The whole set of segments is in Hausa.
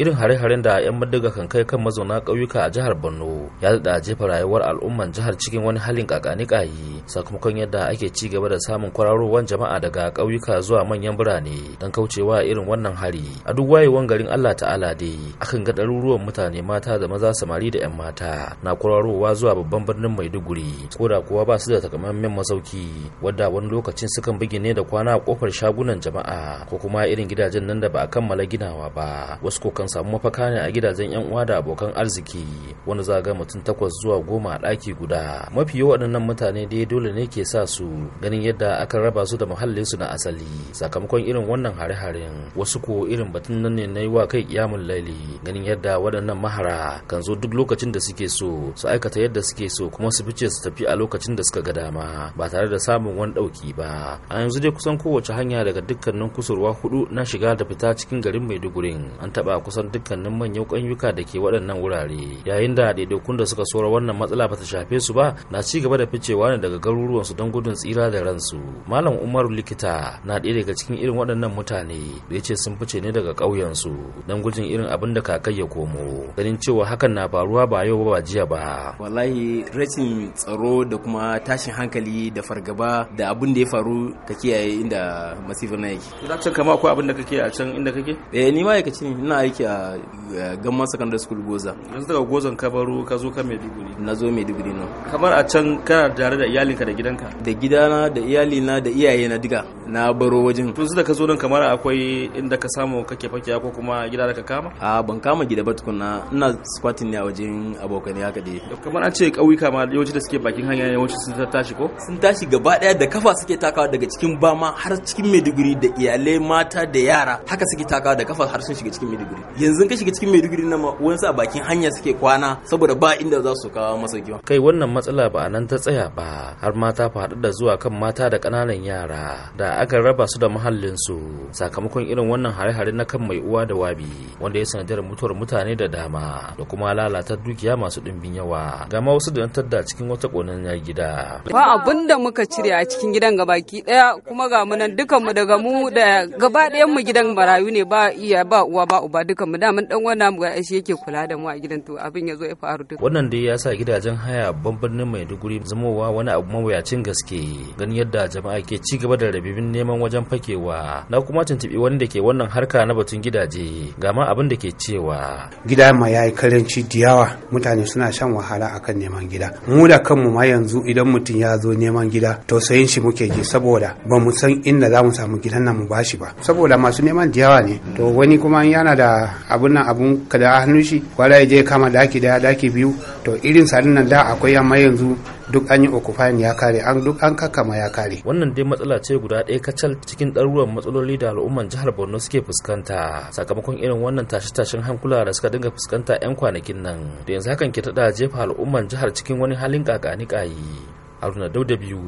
irin hare-haren da 'yan madaga kan kai kan mazauna ƙauyuka a jihar borno ya daɗa jefa rayuwar al'umman jihar cikin wani halin kakanikayi sakamakon yadda ake ci gaba da samun kwararowar jama'a daga ƙauyuka zuwa manyan birane don kaucewa irin wannan hari a duk wayewan garin allah ta'ala dai akan ga ɗaruruwan mutane mata da maza samari da 'yan mata na kwararowa zuwa babban birnin maiduguri ko da kuwa ba su da takamaiman masauki wadda wani lokacin sukan bugi ne da kwana a kofar shagunan jama'a ko kuma irin gidajen nan da ba a kammala ginawa ba wasu kokan samu mafaka ne a gidajen yan uwa da abokan arziki wani za ga mutum takwas zuwa goma a ɗaki guda mafi yawa waɗannan mutane dai dole ne ke sa su ganin yadda aka raba su da muhallin su na asali sakamakon irin wannan hare-haren wasu ko irin batun nan ne na yi wa kai kiyamun laili ganin yadda waɗannan mahara kan zo duk lokacin da suke so su aikata yadda suke so kuma su fice su tafi a lokacin da suka ga dama ba tare da samun wani ɗauki ba a yanzu dai kusan kowace hanya daga dukkanin kusurwa hudu na shiga da fita cikin garin maiduguri an taɓa kusan dukkanin manyan ƙanyuka da ke waɗannan wurare yayin da daidaikun da suka sora wannan matsala ba ta shafe su ba na ci gaba da ficewa ne daga garuruwansu don gudun tsira da ransu malam umaru likita na ɗaya daga cikin irin waɗannan mutane da ya ce sun fice ne daga ƙauyensu don gujin irin abin da kakai ya komo ganin cewa hakan na faruwa ba yau ba jiya ba wallahi rashin tsaro da kuma tashin hankali da fargaba da abin da ya faru ka kiyaye inda masifin na yake da can kama akwai abin da kake a can inda kake eh ni ma yake ne ina aiki nake a eh, gamman secondary school goza yanzu daga gozan ka baro ka zo ka maiduguri na zo maiduguri no kamar a can kana tare da iyalinka da gidanka da gidana da iyalina da iyaye na diga na baro wajen to da ka zo nan kamar akwai inda ka samu kake fakiya ko kuma gida da ka kama a ban kama gida ba tukuna ina squatting ne a wajen abokanai haka dai kamar an ce kauyuka ma yawanci da suke bakin hanya yawanci sun tashi ko sun tashi gaba daya da kafa suke takawa daga cikin bama har cikin maiduguri da iyalai mata da yara haka suke takawa da kafa har sun shiga cikin maiduguri yanzu ka shiga cikin maiduguri na wasu a bakin hanya suke kwana saboda ba inda za su kawo masa giwa kai wannan matsala ba nan ta tsaya ba har mata faɗi da zuwa kan mata da ƙananan yara da aka raba su da muhallin su sakamakon irin wannan hare-hare na kan mai uwa da wabi wanda ya sanadiyar mutuwar mutane da dama da kuma lalata dukiya masu ɗimbin yawa ga ma wasu da da cikin wata ƙonanniyar gida ba abin da muka cire a cikin gidan gabaki ɗaya kuma ga mu nan dukanmu daga mu da gaba ɗayan mu gidan marayu ne ba iya ba uwa ba uba duka ayyukan mu daman dan wannan mu shi yake kula da mu a gidan to abin ya zo ya faru duk wannan dai ya sa gidajen haya mai Maiduguri zamowa wani abu mawuyacin gaske ganin yadda jama'a ke ci gaba da rabibin neman wajen fakewa na kuma tuntubi wani da ke wannan harka na batun gidaje ga ma abin da ke cewa gida ma yayi karanci diyawa mutane suna shan wahala akan neman gida mu da kanmu ma yanzu idan mutum ya zo neman gida tausayin shi muke ji saboda ba mu san inda za mu samu gidan nan mu bashi ba saboda masu neman diyawa ne to wani kuma yana da abun nan abun ka da hannun shi kwara ya je kama daki daya daki biyu to irin salin nan da akwai amma yanzu duk an yi occupying ya kare an duk an kakama ya kare wannan dai matsala ce guda ɗaya kacal cikin ɗaruruwan matsaloli da al'umman jihar Borno suke fuskanta sakamakon irin wannan tashe-tashen hankula da suka dinga fuskanta 'yan kwanakin nan da yanzu hakan ke tada jefa al'umman jihar cikin wani halin kakanikayi haruna da biyu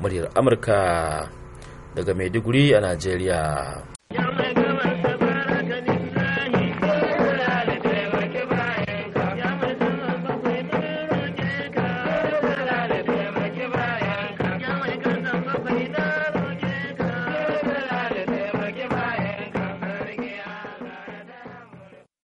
muryar amurka daga maiduguri a najeriya